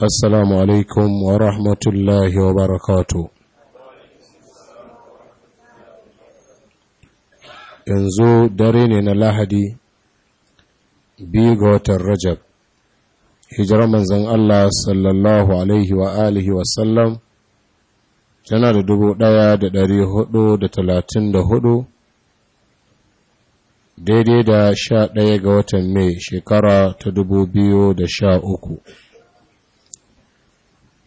Assalamu alaikum wa rahmatullahi wa barakatu. Yanzu dare ne na Lahadi, biyu ga watan Rajab, hijirar manzan Allah sallallahu Alaihi wa alihi tana da dubu ɗaya da ɗari hudu da talatin da hudu, daidai da sha ɗaya ga watan Mai shekara ta dubu biyu da sha uku.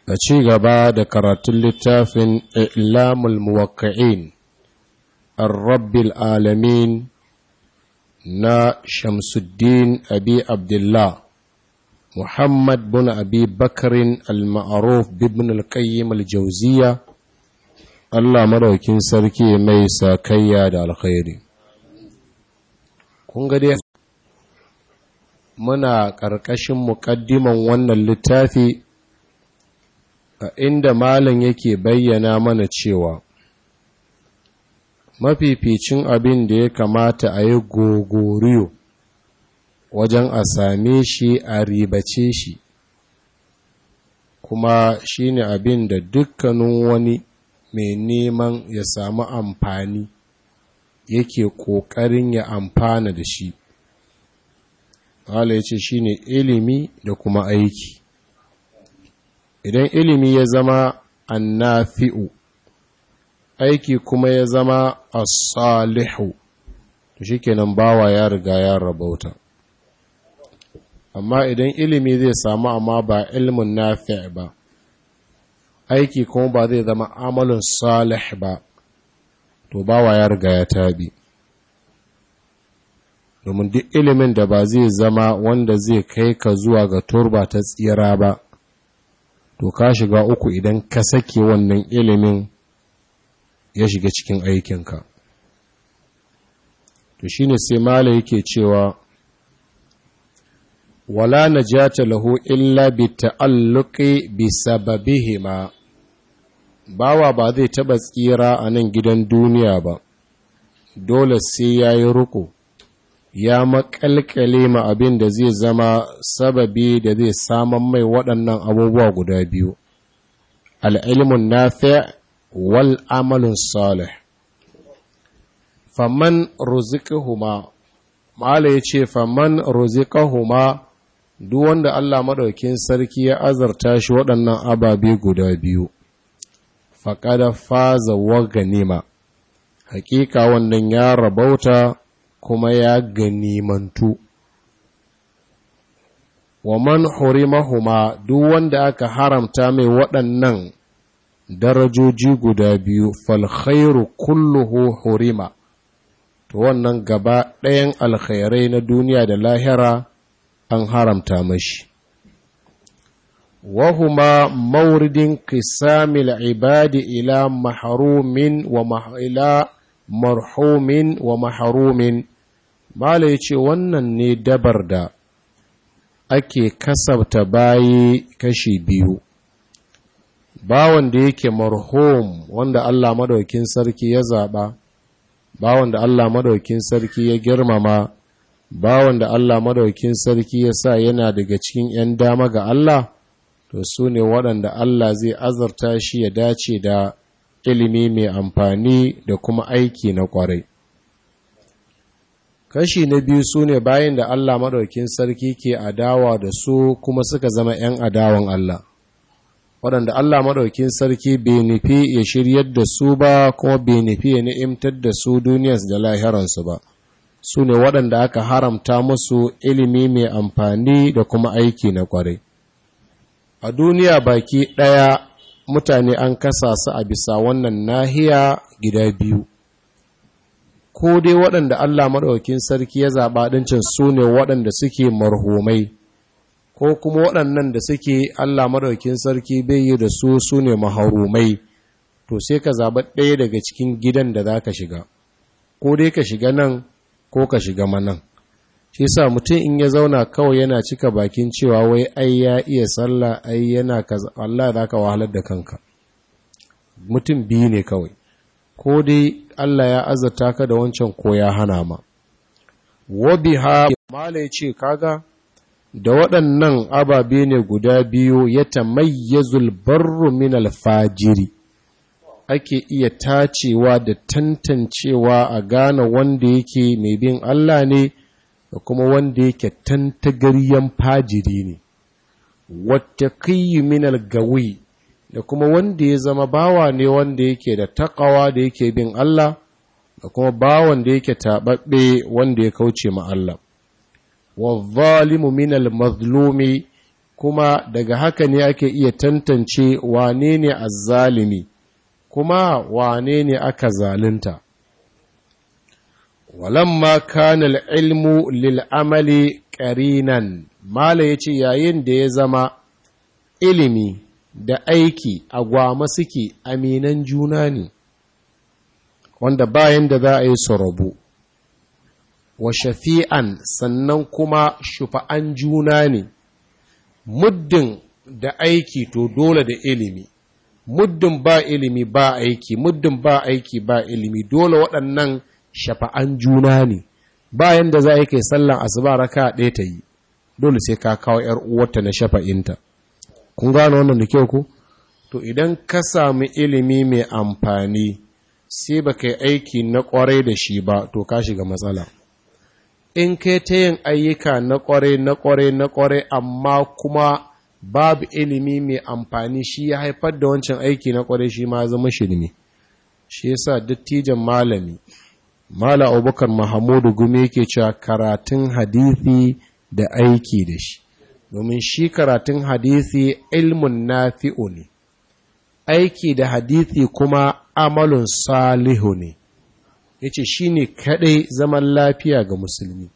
da ci gaba da karatun littafin ilamul muwakka'in rabbil alamin na shamsuddin abi abdullah muhammad bin abi bakarin al-ma'aruf bibin al al-jauziya allah maraukin sarki mai sakayya da alkhairi kun gade muna ƙarƙashin muƙaddiman wannan littafi a inda malam yake bayyana mana cewa mafificin abin da ya kamata a yi gogoriyo wajen a same shi a ribace shi kuma shi ne abin da dukkanin wani mai neman ya samu amfani yake ƙoƙarin ya amfana da shi. Allah ya ce shi ne ilimi da kuma aiki. idan ilimi ya zama annafi'u aiki kuma ya zama a salihu to shikenan bawa ya riga ya rabauta amma idan ilimi zai samu amma ba ilmin nafi' ba aiki kuma ba zai zama amalin salih ba to bawa ya riga ya tabi domin duk ilimin da ba zai zama wanda zai kai ka zuwa ga turba ta tsira ba to ka shiga uku idan ka sake wannan ilimin ya shiga cikin aikinka to shi ne sai mala yake cewa wala na ja ta lahu illa bi ta'alluqi bi sababihima bawa ba zai taba tsira a nan gidan duniya ba dole sai ya yi ruku ya makalkale ma abin da zai zama sababi da zai saman mai waɗannan abubuwa guda biyu al'ilmun nafi wal amalin salih faman ruzikahuma ma’ala ya ce faman ruzikahuma duk wanda Allah maɗaukin sarki ya azarta shi waɗannan ababe guda biyu da faza wa ganima hakika wannan ya rabauta kuma ya ganimantu wa man hurimahuma duk wanda aka haramta mai waɗannan darajoji guda biyu falkhairu kulluhu hurima to wannan gaba ɗayan alkhairai na duniya da lahira an haramta mashi وهما مورد قسام العباد إلى محروم marhumin wa ومحروم bala ya ce wannan ne dabar da ake kasabta bayi kashi biyu bawan da yake marhum wanda Allah madaukin sarki ya zaɓa bawan da Allah madaukin sarki ya girmama bawan da Allah madaukin sarki ya sa yana daga cikin 'yan dama ga Allah to su ne waɗanda Allah zai azarta shi ya dace da ilimi mai amfani da kuma aiki na ƙwarai kashi na biyu su ne bayan da Allah maɗaukin sarki ke adawa da su kuma suka zama ‘yan adawan Allah waɗanda Allah maɗaukin sarki bai nufi ya shiryar da su ba kuma bai nufi ya ni'imtar da su duniyarsu da lahiransu ba su ne waɗanda aka haramta musu ilimi mai amfani da kuma aiki na ƙwarai a duniya baki ɗaya mutane an kasa su a bisa wannan nahiya gida biyu ko dai waɗanda Allah maɗaukin sarki ya zaɓa ɗincin su ne waɗanda suke marhumai ko kuma waɗannan da suke Allah maɗaukin sarki bai yi da su su ne maharumai to sai ka zaɓa ɗaya daga cikin gidan da za ka shiga ko dai ka shiga nan ko ka shiga manan shi sa mutum in ya zauna kawai yana cika bakin cewa wai ai ya iya sallah ai yana kaza Allah za ka wahalar da kanka mutum biyu ne kawai ko dai Allah ya azata ka da wancan ko ya hana ma wabiha malai ce kaga da waɗannan ababe ne guda biyu ya tamayya barru min alfajiri ake iya tacewa da tantancewa a gane wanda yake mai bin Allah ne da kuma wanda yake tantagariyan fajiri ne wata min algawi da kuma wanda ya zama bawa ne wanda yake da takawa da yake bin Allah da kuma bawan da yake taɓaɓɓe wanda ya kauce ma Allah wa zalimu minal mazlumi kuma daga haka ne ake iya tantance wane ne azzalimi kuma wane ne aka zalunta walamma kana al-ilmu lil amali qarinan mala yace yayin da ya zama ilimi da aiki agwama suke aminan juna ne wanda bayan da za a yi su wa shafi'an sannan kuma shufa'an juna ne muddin da aiki to dole da ilimi muddin ba ilimi ba aiki muddin ba aiki ba ilimi dole waɗannan shafa'an juna ne bayan da za a yi kai sallan asuba raka ɗaya ta yi dole sai ka kawo ‘yar uwarta na shafa'inta’ kun gano wannan da kyau ku to idan ka sami ilimi mai amfani sai baka yi aiki na kwarai da shi ba to ka shiga matsala in kai ta yin ayyuka na kwarai na kwarai na kwarai amma kuma babu ilimi mai amfani shi ya haifar da wancan aiki na kwarai shi ma zama shirme shi yasa dattijan malami mala abubakar mahamudu gumi yake cewa karatun hadithi da aiki da shi domin shi karatun hadisi ilmun nafi'u ne aiki da hadisi kuma amalun salihu ne Ya ce shi ne kaɗai zaman lafiya ga musulmi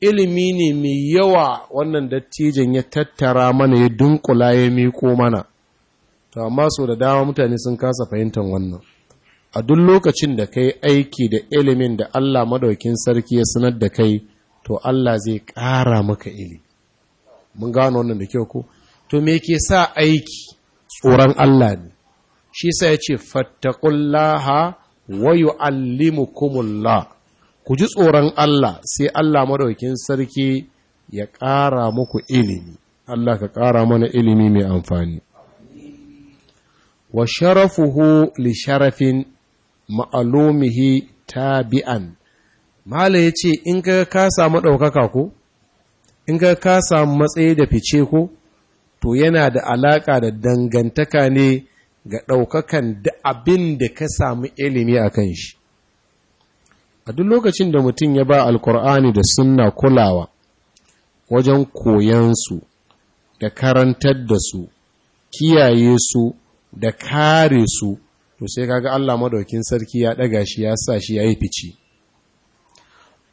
ilimi ne mai yawa wannan dattijan ya tattara mana ya dunkula ya miko mana to amma so da dama mutane sun kasa fahimtar wannan a duk lokacin da kai aiki da ilimin da Allah madaukin sarki ya sanar da kai to Allah zai ƙara maka ilimi mun gano wannan da kyau ko to me ke sa aiki tsoron Allah ne shi sa ya ce fattaqullaha wa yu'allimukumullah ku ji tsoron Allah sai Allah maɗaukin sarki ya ƙara muku ilimi Allah ka ƙara mana ilimi mai amfani wa sharafuhu li sharafin ma'alumihi tabi'an mala ce in ka ka samu ɗaukaka ko in ga ka samu matsayi da fice ko to yana da alaka da dangantaka ne ga ɗaukakan da abin da ka samu ilimi a kan shi a duk lokacin da mutum ya ba alkur'ani da sunna kulawa wajen koyansu da karantar da su kiyaye su da kare su to sai kaga Allah madaukin sarki ya ɗaga shi ya sa shi ya yi fice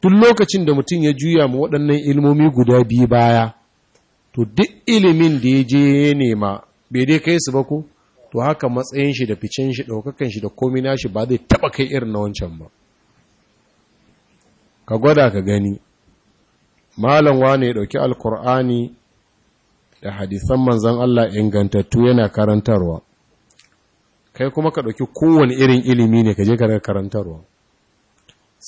Tun lokacin da mutum ya juya mu waɗannan ilmomi guda biyu baya to duk ilimin da ya je ya nema bai dai kai su ba ko to haka matsayin shi da ficen shi ɗaukakan shi da komi shi ba zai taɓa kai irin na wancan ba ka gwada ka gani malam wane ya ɗauki alkur'ani da hadisan manzan Allah ingantattu yana karantarwa kai kuma ka ɗauki kowane irin ilimi ne ka je karantarwa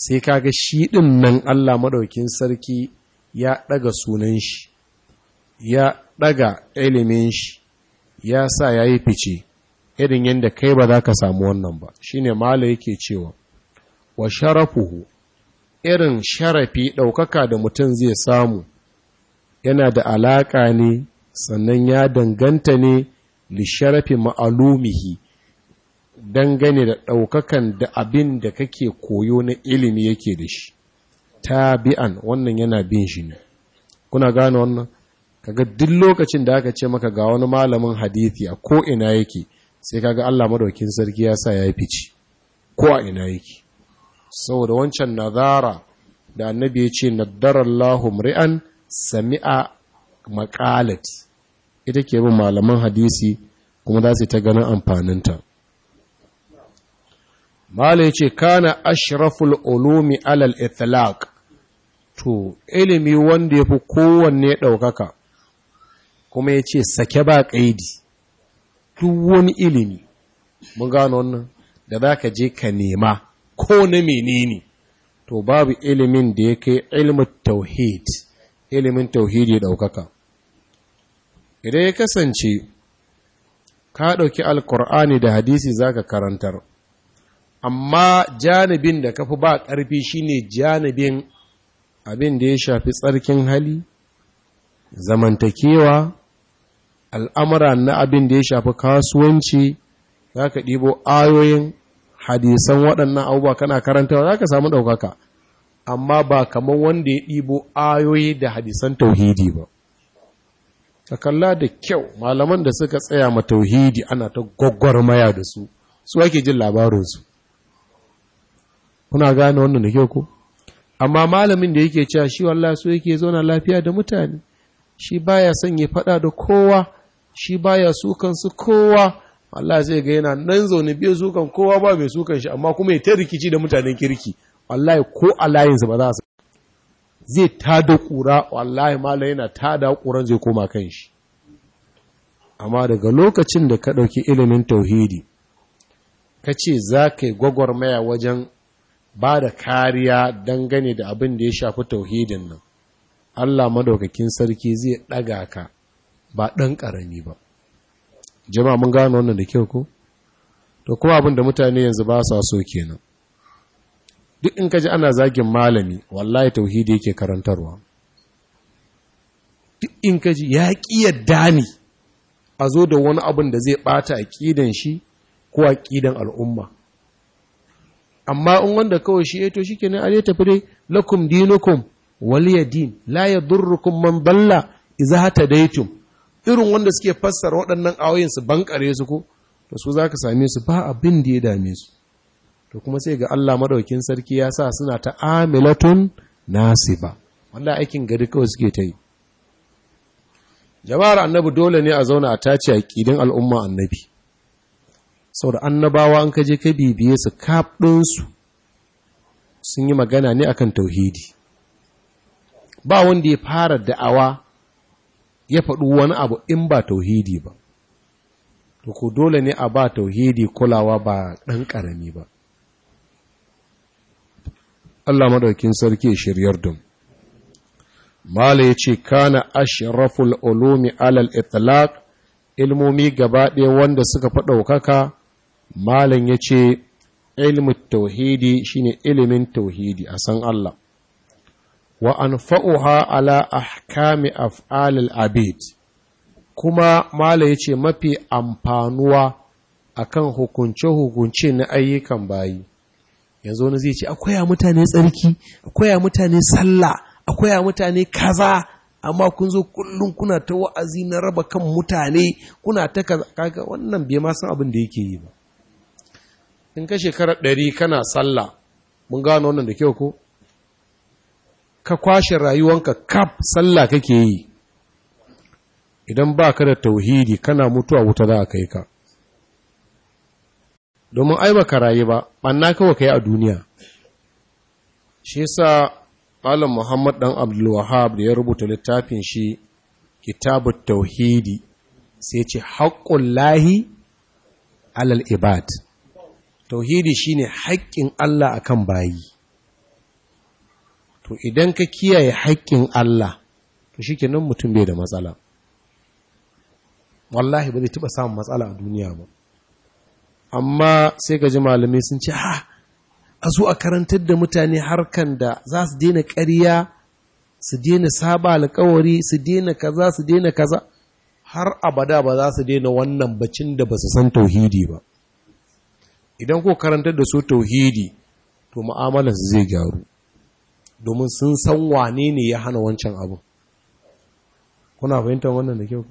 sai kaga shi ɗin nan Allah maɗaukin sarki ya ɗaga sunan shi ya ɗaga ilimin shi ya sa ya yi fice irin yadda kai ba za ka samu wannan ba shine mala yake cewa wa sharafuhu irin sharafi ɗaukaka da mutum zai samu yana da alaƙa ne sannan ya danganta ne li sharafi ma'alumihi dangane da ɗaukakan da abin da kake koyo na ilimi yake da shi ta tabi'an wannan yana bin shi ne kuna gane wannan kaga duk lokacin da aka ce maka ga wani malamin hadithi a ko ina yake sai ka ga Allah madaukin sarki ya sa ya fice ko a ina yake saboda wancan nazara da annabi ya ce naddarallahu mri'an sami'a maqalat ita ke bin malaman hadisi kuma za su ta ganin amfaninta Malai ce, Kana ashraful ulumi alal itlaq to, ilimi wanda ya fi kowanne ɗaukaka, kuma ya ce, Sake ba ƙaidi, duk wani ilimi, mun gano wannan, da za ka je ka nema, ko na menene, to, babu ilimin da ya kai ilimin tauhid, ilimin tauhid ya ɗaukaka. Idan ya kasance, ka ɗauki alkur'ani da hadisi za ka karantar. amma janibin da kafi ba ƙarfi shine janibin abin da ya shafi tsarkin hali zamantakewa al'amura na abin da ya shafi kasuwanci za ka ɗibo ayoyin hadisan waɗannan abubuwa kana karantawa za ka samu ɗaukaka amma ba kamar wanda ya ɗibo ayoyi da hadisan tauhidi ba ka kalla da kyau malaman da suka tsaya ma tauhidi ana ta maya da su su ake jin labarinsu kuna gane wannan da kyau ko amma malamin da yake cewa shi wallahi so yake zauna lafiya da mutane shi baya son ya faɗa da kowa shi baya sukan su kowa Allah zai ga yana nan zaune biyu sukan kowa ba mai sukan shi amma kuma ya ta rikici da mutanen kirki wallahi ko a layinsa ba za su zai tada kura wallahi malam yana tada kuran zai koma kan shi amma daga lokacin da ka ɗauki ilimin tauhidi ka ce za ka yi gwagwarmaya wajen ba da kariya dangane da abin da ya shafi tauhidin nan Allah madaukakin sarki zai ɗaga ka ba ɗan ƙarami ba jama'a mun gano wannan da kyau ko to kuma abin da mutane yanzu ba su so kenan duk in ka ana zagin malami wallahi tauhidi yake karantarwa duk in ka ya ƙi yadda ne a zo da wani abin da zai ɓata aƙidan shi ko aƙidan al'umma amma in wanda kawai shi eh, to shi kenan are tafi dai lakum dinukum waliya din la durrukum man balla idza daitum irin wanda suke fassara waɗannan ayoyin su bankare su ko to su zaka same su ba abin da ya dame su to kuma sai ga Allah madaukin sarki ya sa suna ta amilatun nasiba wallahi aikin gari kawai suke ta yi jama'ar annabi dole ne a zauna a tace aqidin al'umma annabi Sau da annabawa an kaje ka bibiye su kaɗinsu sun yi magana ne akan tauhidi ba wanda ya fara da'awa ya faɗi wani abu in ba tauhidi ba to ku dole ne a ba tauhidi kulawa ba ɗan ƙarami ba Allah madaukin sarki shiryar dum Mala ya ce kana ashraful ulumi alal itlaq ilmomi gaba ɗaya wanda suka fi kaka? malam ya ce ilmin tauhidi shine ilimin tauhidi a san Allah wa an fa'uha ala ahkami af'alil abid kuma malam ya ce mafi amfanuwa akan hukunce-hukunce na ayyukan bayi yanzu wani zai ce akwai a mutane tsarki akwai a mutane sallah akwai a mutane kaza amma kun zo kullum kuna ta wa'azi na raba kan mutane kuna ta kaga wannan bai ma san abin da yake yi ba in ka shekarar ɗari kana sallah mun gano wannan da kyau ko ka kwashe rayuwanka kaf sallah kake yi idan ba ka da tauhidi kana mutuwa wuta za a kai ka domin ai baka rayu ba ɓanna kawai ka yi a duniya shi sa malam muhammad ɗan abdulwahab da ya rubuta littafin shi kitabu tauhidi sai ce haƙƙun lahi alal ibad tauhidi shine haƙƙin Allah akan bayi to idan ka kiyaye haƙƙin Allah to shikenan mutum bai da matsala wallahi ba zai taba samun matsala a duniya ba amma sai ka ji malamai sun ce ha ah, a zo a karantar da mutane harkan da za su daina ƙarya su daina saba alƙawari su daina kaza su daina kaza har abada ba za su daina wannan bacin da ba su san tauhidi ba idan ko karantar da su tauhidi to su zai gyaru domin sun san wane ne ya hana wancan abin kuna fahimtar wannan da kyau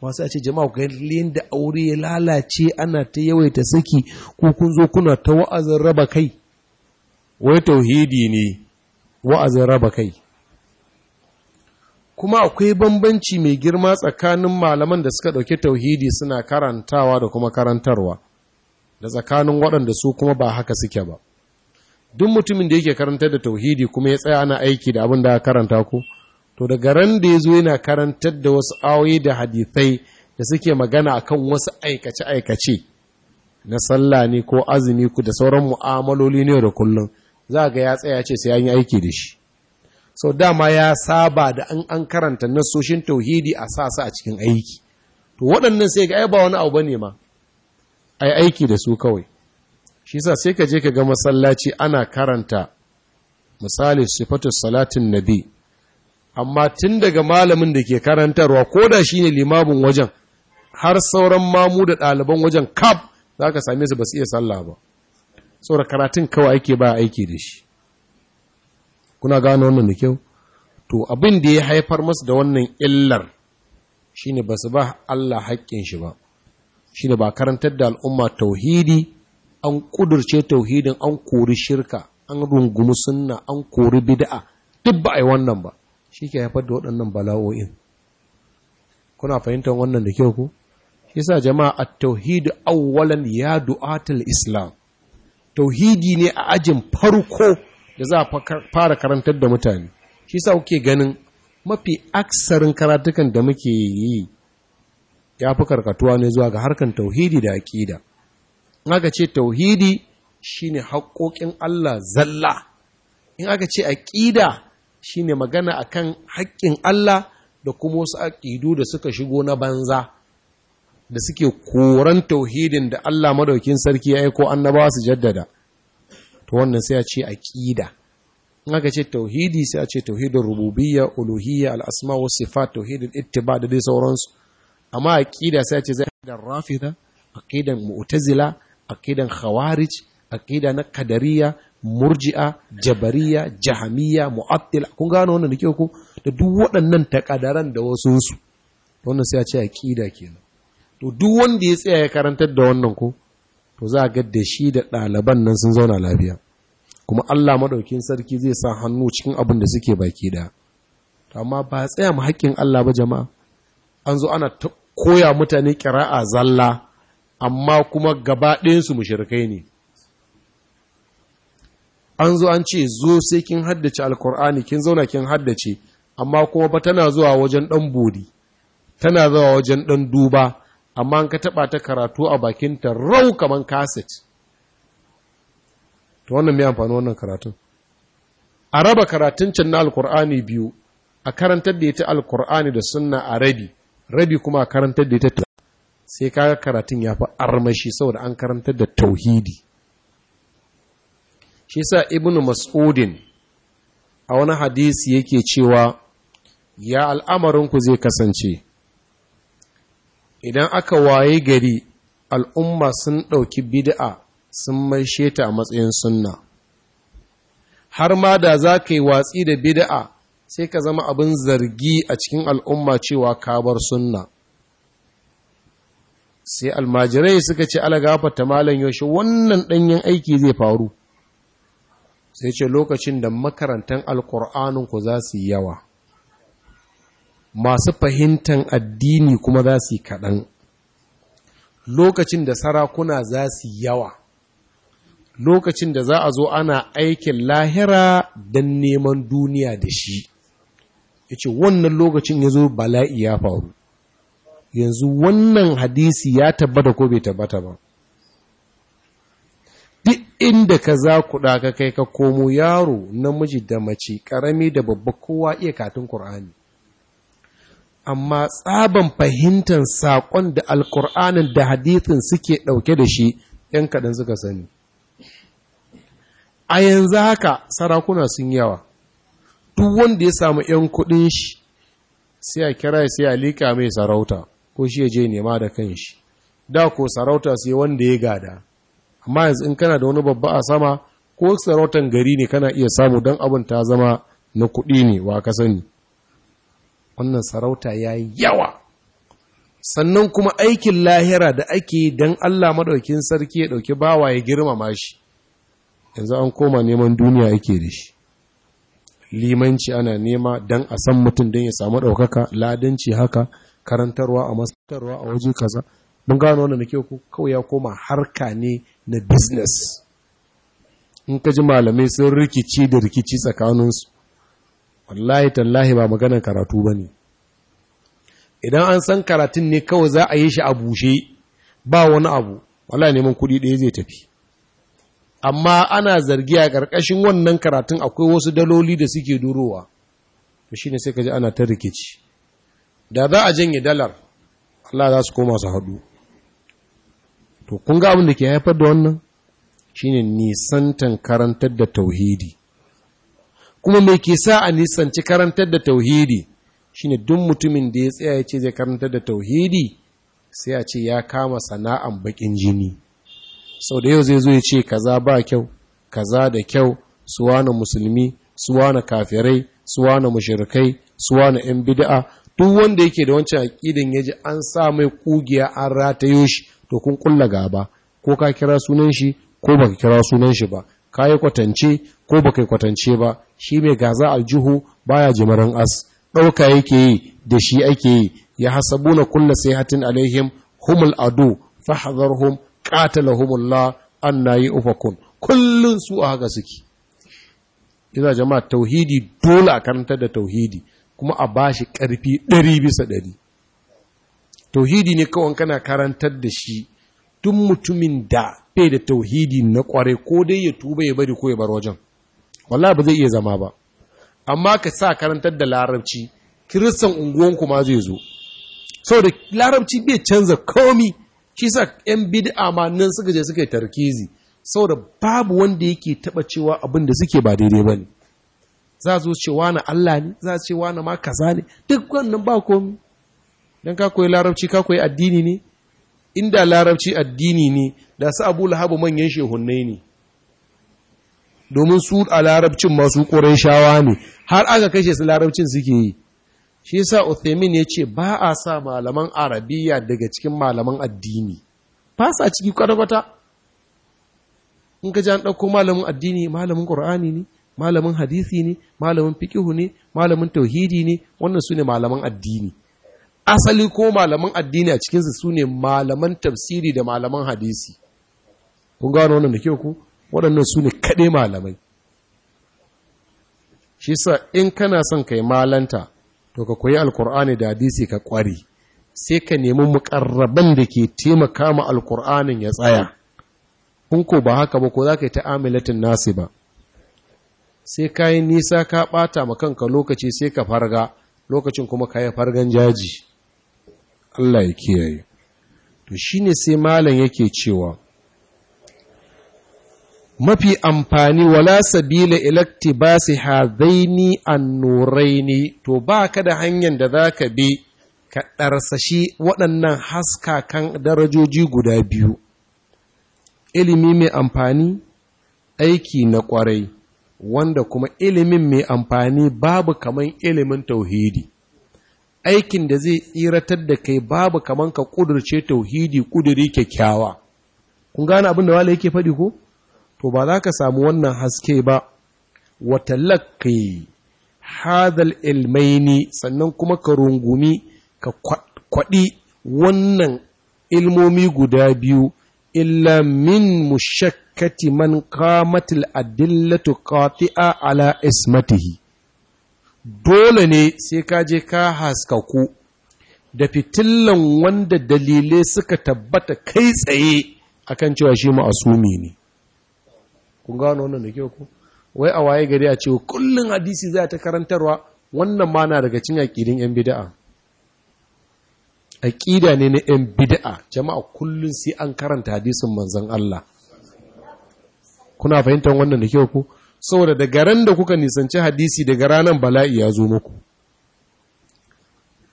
masu a jama'a ga da aure ya lalace ana ta yawaita saki ko kun zo kuna ta wa'azin raba kai wai tauhidi ne wa'azin raba kai kuma akwai bambanci mai girma tsakanin malaman da suka ɗauki tauhidi suna karantawa da kuma karantarwa da tsakanin waɗanda su kuma ba haka suke ba duk mutumin da yake karantar da tauhidi kuma ya tsaya ana aiki da abin da karanta ku to daga ran da ya zo yana karantar da wasu ayoyi da hadithai da suke magana a kan wasu aikace-aikace na sallah ne ko azumi ku da sauran mu'amaloli ne da kullum za ga ya tsaya ce sai an yi aiki da shi sau dama ya saba da an an karanta nasoshin tauhidi a sa su a cikin aiki to waɗannan sai ga ba wani abu ne ma ai aiki da su kawai shi sa sai ka je ka ga masallaci ana karanta misali sifatu salatin nabi amma tun daga malamin da ke karantarwa ko da shi ne limamin wajen har sauran mamu da ɗaliban wajen kaf za ka same su ba su iya sallah ba saboda karatun kawai ake ba aiki da shi kuna gano wannan da kyau to abin da ya haifar masu da wannan illar shine ba su ba Allah haƙƙin shi ba shine ba karantar da al'umma tauhidi an kudurce tauhidin an kori shirka an rungumi sunna an kori bid'a duk ba ai wannan ba shike haifar da waɗannan bala'o'in kuna fahimtar wannan da kyau ko yasa jama'a at-tauhid awwalan ya du'atul islam tauhidi ne a ajin farko da za a fara karantar da mutane shi sa kuke ganin mafi aksarin karatukan da muke yi ya fi karkatuwa ne zuwa ga harkar tauhidi da aƙida in aka ce tauhidi shine haƙoƙin Allah zalla in aka ce aƙida shine magana akan haƙƙin Allah da kuma wasu aƙidu da suka shigo na banza da suke koran tauhidin da Allah madaukin sarki ya aiko annabawa su jaddada to wannan sai a ce aƙida in aka ce tauhidi sai a ce tauhidin rububiyya uluhiyya al'asma wasu sifa tauhidin ittiba da dai sauransu amma aqida sai ce zai da rafida aqidan mu'tazila aqidan khawarij aqida na kadariya murji'a jabariya jahamiya mu'attila kun gano wannan ke ku da duk waɗannan takadaran da wasu su wannan sai a ce aqida kenan to duk wanda ya tsaya ya karantar da wannan ko to za ga da shi da ɗaliban nan sun zauna lafiya kuma Allah madaukin sarki zai sa hannu cikin abin da suke baki da amma ba tsaya mu haƙƙin Allah ba jama'a an zo ana ta koya mutane ƙira'a zalla amma kuma gaba ɗayansu mushrikai ne an zo an ce zo sai kin haddace alkur'ani kin zauna kin haddace amma kuma ba tana zuwa wajen ɗan bodi tana zuwa wajen ɗan duba amma an ka taɓa ta karatu a bakinta rau kamar kaset Ta wannan mai amfani wannan karatun a raba karatun can na alkur'ani biyu a karantar da ita alkur'ani da sunna a rabi rabi kuma a karantar da ita sai kaga karatun ya fi armashi saboda an karantar da tauhidi shi sa ibnu mas'udin a wani hadisi yake cewa ya al'amarinku zai kasance idan aka waye gari al'umma sun ɗauki bid'a sun mai sheta a matsayin sunna har ma da za ka yi watsi da bid'a sai ka zama abin zargi a cikin al'umma cewa kabar sunna sai almajirai suka ce ala ta malam yaushe wannan ɗanyen aiki zai faru sai ce lokacin da makarantar alkur'anin ku za su yawa masu fahimtar addini kuma za su yi kaɗan lokacin da sarakuna za su yawa lokacin da za a zo ana aikin lahira don neman duniya da shi ya ce wannan lokacin ya zo bala'i ya faru yanzu wannan hadisi ya tabbata ko bai tabbata ba duk inda ka za kuɗa ka kai ka komo yaro namiji da mace ƙarami da babba kowa iya katin ƙur'ani amma tsaban fahimtar saƙon da alƙur'anin da hadithin suke ɗauke da shi ‘yan kaɗan suka sani a yanzu haka sarakuna sun yawa duk wanda ya samu 'yan kudin shi sai a kira sai a liƙa mai sarauta ko shi ya je nema da kan shi da ko sarauta sai wanda ya gada amma yanzu in kana da wani babba a sama ko sarautan gari ne kana iya samu don abin ta zama na kuɗi ne wa ka sani wannan sarauta ya yi yawa sannan kuma aikin lahira da ake don Allah maɗaukin sarki ya ɗauki bawa ya girmama shi yanzu an koma neman duniya yake da shi limanci ana nema don a san mutum don ya samu ɗaukaka ladanci haka karantarwa a masarwa a wajen kaza mun gano wannan ke kawai ya koma harka ne na business in ka ji malamai sun rikici da rikici tsakaninsu wallahi tallahi ba maganar karatu ba ne idan an san karatun ne kawai za a yi shi a bushe ba wani abu wallahi neman kuɗi ɗaya zai tafi amma ana zargi a ƙarƙashin wannan karatun akwai wasu daloli da suke durowa to shine sai kaji ana ta rikici da za a janye dalar Allah za su koma su haɗu to kun ga abin da ke haifar da wannan shine nisantan karantar da tauhidi kuma me ke sa a nisanci karantar da tauhidi shine duk mutumin da ya tsaya ya ce zai karantar da tauhidi sai a ce ya kama sana'an bakin jini sau da yau zai zo ya ce kaza ba kyau kaza da kyau suwa na musulmi suwa na kafirai suwa na mushrikai suwa na yan bid'a duk wanda yake da wancan aƙidan ya ji an sa mai ƙugiya an ratayo shi to kun kulla gaba ko ka kira sunan shi ko baka kira sunan shi ba ka yi kwatance ko baka yi kwatance ba shi mai gaza aljihu baya jimaran as ɗauka yake yi da shi ake yi ya hasabu na kulla sai hatin alaihim humul adu hum. qatalahumullah anna yi ufakun kullun su a haka suke ina jama'a tauhidi dole a karantar da tauhidi kuma a bashi karfi 100 bisa 100 tauhidi ne kawai kana karantar da shi tun mutumin da bai da tauhidi na kware ko dai ya tuba ya bari ko ya bar wajen wallahi ba zai iya zama ba amma ka sa karantar da larabci kiristan unguwanku ma zai zo saboda larabci bai canza komi shi sa 'yan bid'a ma nan suka je suka yi tarkizi saboda babu wanda yake taba cewa abin da suke ba daidai ba ne za zo cewa na Allah ne za a ce na ma kaza ne duk wannan ba komi don ka koyi larabci ka koyi addini ne inda larabci addini ne da su Abu lahabu manyan shehunnai ne domin su a larabcin masu shawa ne har aka kashe su larabcin suke yi shi sa Uthaymin ya ce ba a sa malaman arabiya daga cikin malaman addini ba sa ciki kwata-kwata in ka ji an ɗauko malamin addini malamin ƙur'ani ne malamin hadisi ne malamin fikihu ne malamin tauhidi ne wannan su ne malaman addini asali ko malaman addini a cikinsu su ne malaman tafsiri da malaman hadisi kun gano wannan da kyau ku waɗannan su ne kaɗai malamai shi sa in kana son kai malanta to ka koyi alkur'ani da hadisi ka kware sai ka nemi mukarraban da ke taimaka ma alkur'anin ya tsaya kun ko ba haka ba ko za ka yi ta'amilatin nasi ba sai ka yi nisa ka ɓata ma kanka lokaci sai ka farga lokacin kuma ka yi fargan jaji Allah ya kiyaye to shine sai malam yake cewa mafi amfani wala sabila ilakti ba su hazaini annuraini to ba ka da hanyar da za ka bi ka ɗarsashi waɗannan haskakan darajoji guda biyu ilimi mai amfani aiki na ƙwarai wanda kuma ilimin mai amfani babu kaman ilimin tauhidi aikin da zai tsiratar da kai babu kaman ka ƙudurce tauhidi ƙuduri kyakkyawa kun gane abin da wala yake faɗi ko? to ba za ka samu wannan haske ba wa talaqi hadal ilmaini sannan kuma ka rungumi ka kwaɗi wannan ilmomi guda biyu illa min mushakkati man kamatil adillatu qati'a ala ismatihi dole ne sai ka je ka haskaku da fitillan wanda dalilai suka tabbata kai tsaye akan cewa shi ma'asumi ne kun gano wannan da kyau ku wai a waye gari a ce kullun hadisi za ta karantarwa wannan ma na daga cin aqidin yan bid'a aqida ne na yan bida'a jama'a kullun sai an karanta hadisin manzon Allah kuna fahimtar wannan da kyau ku saboda da garan da kuka nisanci hadisi daga ranar bala'i ya zo muku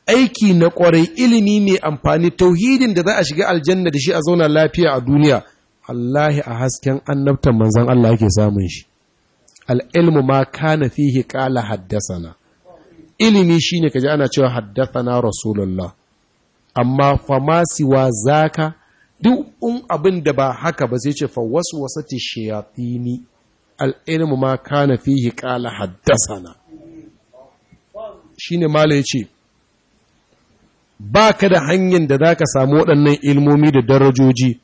aiki na ƙwarai ilimi ne amfani tauhidin da za a shiga aljanna da shi a zauna lafiya a duniya allahi a hasken annabtan manzon Allah yake samun shi al'ilmu ma kana fihi haddasa haddasana ilimi shi ne ka kaji ana cewa haddasa na rasulullah amma za ka? duk un abin da ba haka ba zai ce fa wasu fi ni? al'ilmu ma kana fihi haddasa haddasana shi ne ma ce ba ka da hanyar da za ka samu waɗannan ilmomi da darajoji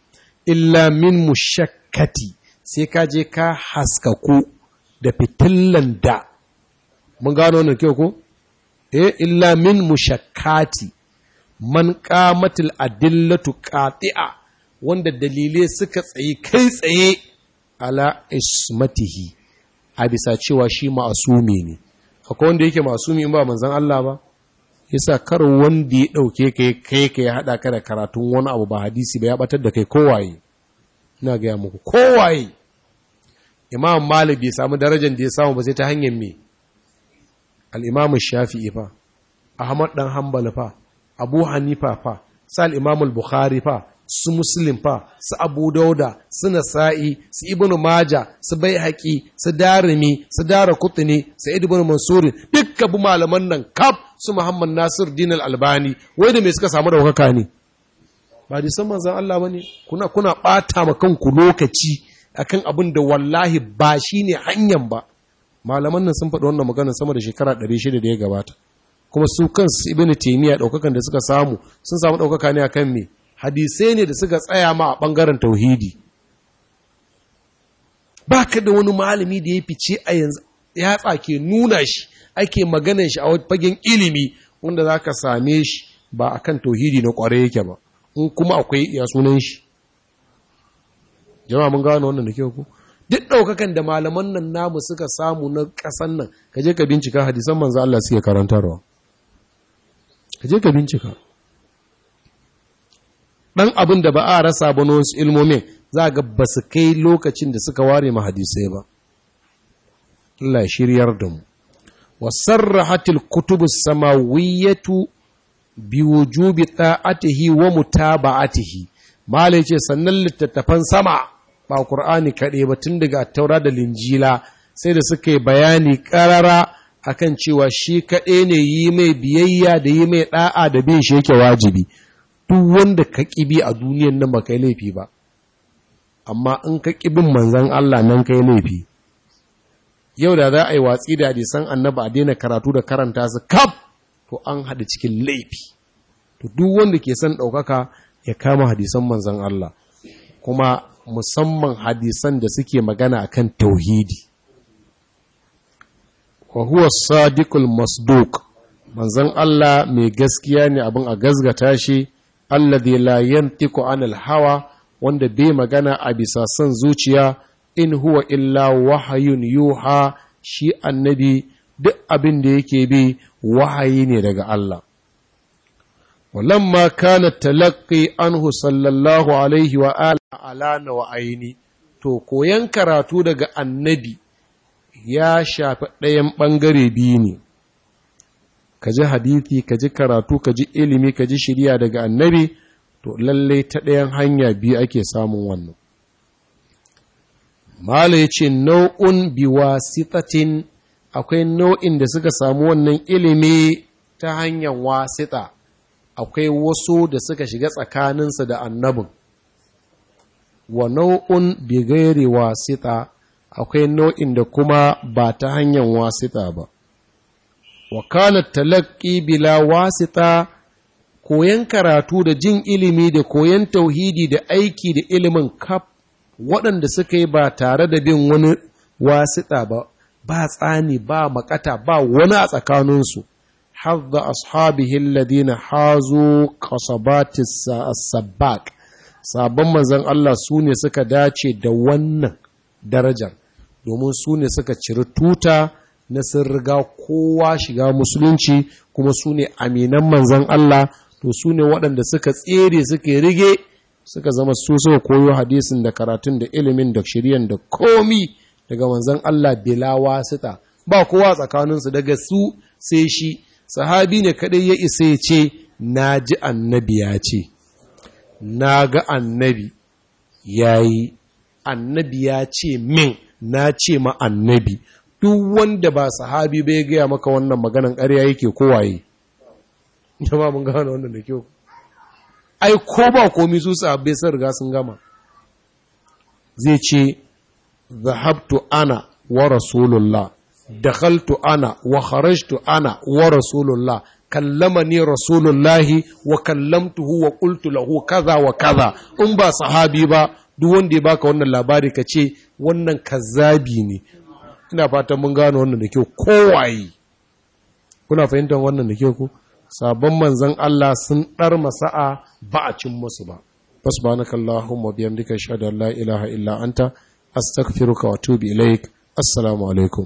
illa min mushakkati sai ka je ka haskaku da fitillan da mun gano wannan kyau ko eh illa min mushakkati man qamatil adillatu qati'a wanda dalilai suka tsaye kai tsaye ala ismatihi a bisa cewa shi ma'asumi ne akwai wanda yake ma'asumi in ba manzon Allah ba yasa kar wanda ya dauke kai kai ya hada ka da karatun wani abu ba hadisi ba ya batar da kai kowaye ina ga muku kowaye imam malik bai samu darajar da ya samu ba sai ta hanyar me al-imam shafi'i fa ahmad dan hanbal fa abu hanifa fa sal imam al-bukhari fa su muslim fa su abu dauda su nasa'i su ibnu maja su baihaqi su darimi su dara kutni su ibnu mansur dukkan malaman nan kaf su Muhammad Nasir Dinal Albani wai da me suka samu daukaka ne ba da san manzon Allah bane kuna kuna bata ma kanku lokaci akan abin da wallahi ba shine hanyar ba malaman nan sun faɗi wannan maganar sama da shekara 600 da ya gabata kuma su kansu Ibn Taymiyyah ɗaukakan da suka samu sun samu ɗaukaka ne akan me hadisai ne da suka tsaya ma a bangaren tauhidi ba ka da wani malami da ya fice a yanzu ya tsake nuna shi ake maganar shi a fagen ilimi wanda za ka same shi ba a kan tohidi na ƙware yake ba in kuma akwai ya sunan shi jama'a mun gano wannan da ke ku duk ɗaukakan da malaman nan namu suka samu na ƙasan nan ka je ka bincika hadisan manzo Allah suke karantarwa ka je ka bincika ɗan abin da ba a rasa ba na wasu ilmomin za ga ba su kai lokacin da suka ware ma hadisai ba Allah shiryar da mu wa sarrahatil kutubu samawiyyatu bi wujubi ta'atihi wa mutaba'atihi malai ce sannan littattafan sama ba Kur'ani kaɗai ba tun daga taura da linjila sai da suka bayani ƙarara akan cewa shi kaɗai ne yi mai biyayya da yi mai ɗa'a da bai shi yake wajibi duk wanda ka ƙibi a duniyan nan ba kai laifi ba amma in ka ƙibin manzan Allah nan kai laifi yau da za a yi watsi da hadisan annaba a daina karatu da karanta su kaf to an haɗa cikin laifi to duk wanda ke son ɗaukaka ya kama hadisan manzon Allah kuma musamman hadisan da suke magana a kan tauhidi wa huwa sadiqul masduq manzon Allah mai gaskiya ne abin a gazgata shi alladhi la yantiqu anil hawa wanda bai magana a bisa son zuciya in huwa illa wahayun yuha shi annabi duk abin da yake bi wahayi ne daga Allah walamma kana talaqqi anhu sallallahu alaihi wa ala alana wa aini to koyan karatu daga annabi ya shafi ɗayan ɓangare biyu ne ka ji hadithi ka ji karatu ka ji ilimi ka ji shirya daga annabi to lallai ta ɗayan hanya biyu ake samun wannan Malu ya ce, Nau'un sitatin akwai nau'in da suka samu wannan ilimi ta hanyar wasita, akwai wasu da suka shiga tsakaninsa da annabin. Wa nau'un bigairi wasita, akwai nau'in da kuma ba ta hanyar wasita ba. Wakalar talaki bila wasita, koyan karatu da jin ilimi da koyan tauhidi da aiki da ilimin kaf waɗanda suka yi ba tare da bin wani wasiɗa ba ba tsani ba makata ba wani a tsakaninsu hadda ashabihi alladhina hazu qasabatis as-sabbaq sabon manzon Allah su ne suka dace da wannan darajar domin su ne suka ciri tuta na sun riga kowa shiga musulunci kuma su ne aminan manzon Allah to su ne waɗanda suka tsere suke rige suka zama su suka koyo hadisin da karatun da ilimin da shiryan da komi daga manzon Allah bila wasita ba kowa tsakaninsu daga su sai shi sahabi ne kadai ya isa ya ce na ji annabi ya ce na ga annabi ya yi annabi ya ce min na ce ma annabi duk wanda ba sahabi bai gaya maka wannan maganan ƙarya yake kowaye jama'a mun gano wannan da kyau ai ko ba komi su sahabbai sun riga sun gama zai ce zahabtu ana wa rasulullah dakhaltu ana wa kharajtu ana wa rasulullah kallamani rasulullahi wa kallamtuhu wa qultu lahu kaza wa kaza in ba sahabi ba duk wanda ya baka wannan labari ka ce wannan kazzabi ne ina fatan mun gano wannan da kyau kowaye kuna fahimtar wannan da kyau ko sabon manzan Allah sun ɗar masa'a ba a cin musu ba ba na biyan dika ashhadu da Allah ilaha illa anta astaghfiruka wa tubi ilaik assalamu alaikum